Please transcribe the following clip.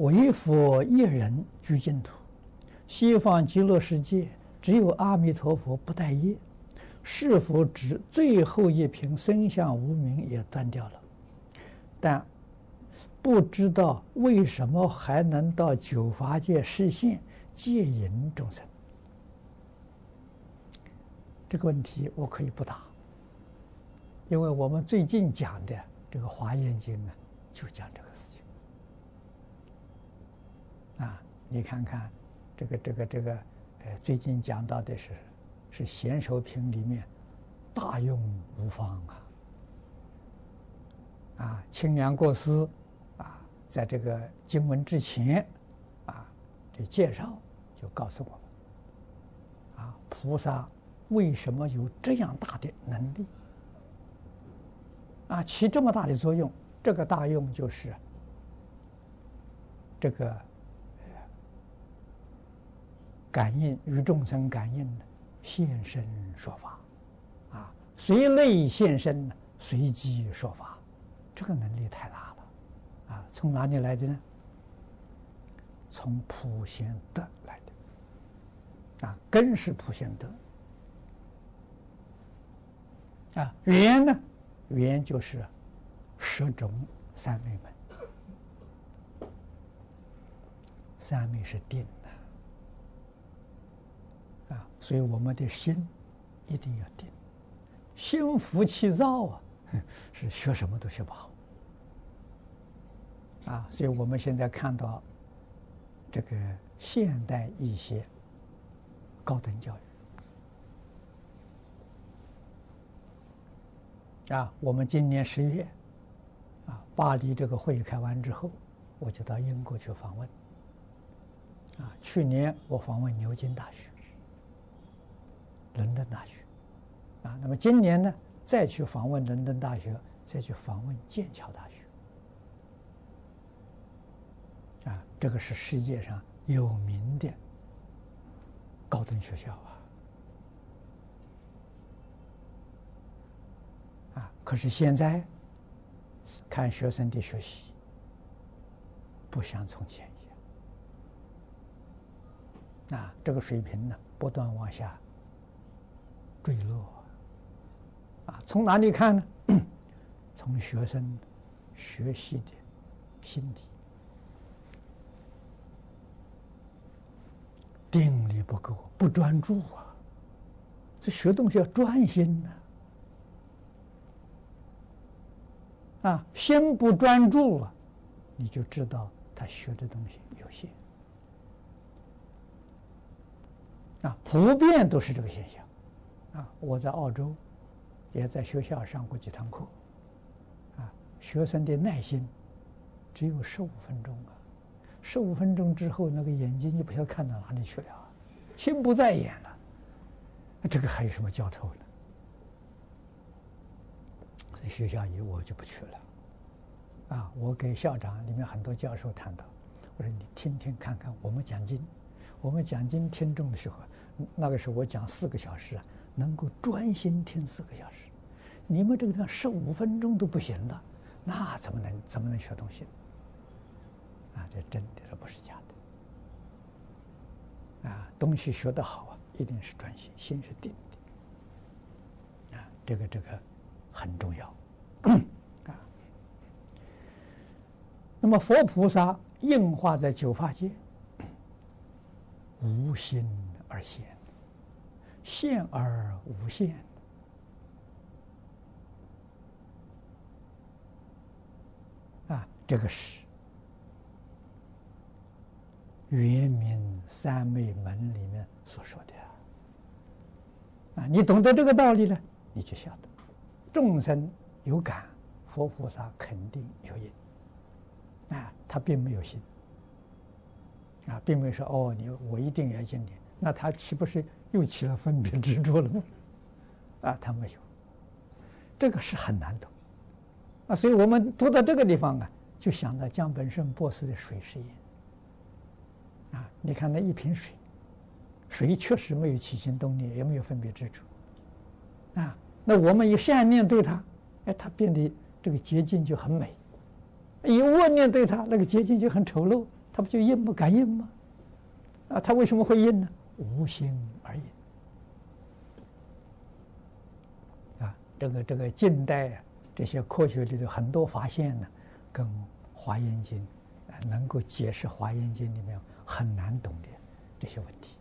唯佛一人居淨土，西方極樂世界只有阿彌陀佛不帶業，是否指最後一瓶生相無明也斷掉了？但不知道為什麼還能到九法界示現接引眾生？這個問題我可以不答，因為我們最近講的這個《華嚴經》啊，就講這個事。啊，你看看，這個這個這個，呃，最近講到的是，是賢首品裡面大用無方啊。啊，清涼國師，啊，在這個經文之前，啊，這介紹就告訴我們，啊，菩薩為什麼有這樣大的能力，啊，起這麼大的作用？這個大用就是這個。感應與眾生感應的現身說法，啊，隨類現身，隨機說法，這個能力太大了，啊，從哪裡來的呢？從普賢德來的，啊，根是普賢德，啊，緣呢？緣就是十種三昧門，三昧是定。啊，所以我們的心一定要定，心浮氣躁啊，是學什麼都學不好。啊，所以我們現在看到這個現代一些高等教育啊，我們今年十月啊，巴黎這個會議開完之後，我就到英國去訪問。啊，去年我訪問牛津大學。倫敦大學，啊，那麼今年呢，再去訪問倫敦大學，再去訪問劍橋大學，啊，這個是世界上有名的高等學校啊，啊，可是現在看學生的學習不像從前一樣，啊，這個水平呢，不斷往下。墜落啊！從哪裡看呢？從學生學習的心理，定力不夠，不專注啊！這學東西要專心吶、啊。啊，心不專注了、啊，你就知道他學的東西有限啊，普遍都是這個現象。啊，我在澳洲也在學校上過幾堂課，啊，學生的耐心只有十五分鐘，啊，十五分鐘之後那個眼睛就不知道看到哪裡去了、啊，心不在焉了，這個還有什麼教頭呢？所以學校也我就不去了，啊，我給校長、裡面很多教授談到，我說你聽聽看看，我們講經，我們講經聽眾的時候，那個時候我講四個小時啊。能夠專心聽四個小時，你們這個地方十五分鐘都不行的，那怎麼能怎麼能學東西？啊，這真的，這不是假的。啊，東西學得好啊，一定是專心，心是定的。啊，這個這個很重要。啊，那麼佛菩薩應化在九法界，無心而現，現而無限啊，這個是《圓明三昧門》裡面所說的啊。你懂得這個道理呢，你就曉得眾生有感，佛菩薩肯定有應。啊，他並沒有心。啊、並沒有說哦，你我一定要見你，那他豈不是又起了分別執着了嗎？啊，他沒有，這個是很難懂。啊，所以我們讀到這個地方啊，就想到江本勝博士的水實驗。啊，你看那一瓶水，水確實沒有起心動念，也沒有分別執着。啊，那我們以善念對它，哎，它變得這個結晶就很美；以惡念對它，那個結晶就很醜陋。他不就應不敢應嗎？啊，他為什麼會應呢？無心而應。啊，這個這個近代啊，這些科學裡的很多發現呢，啊，跟《華嚴經》能夠解釋《華嚴經》裡面很難懂的這些問題。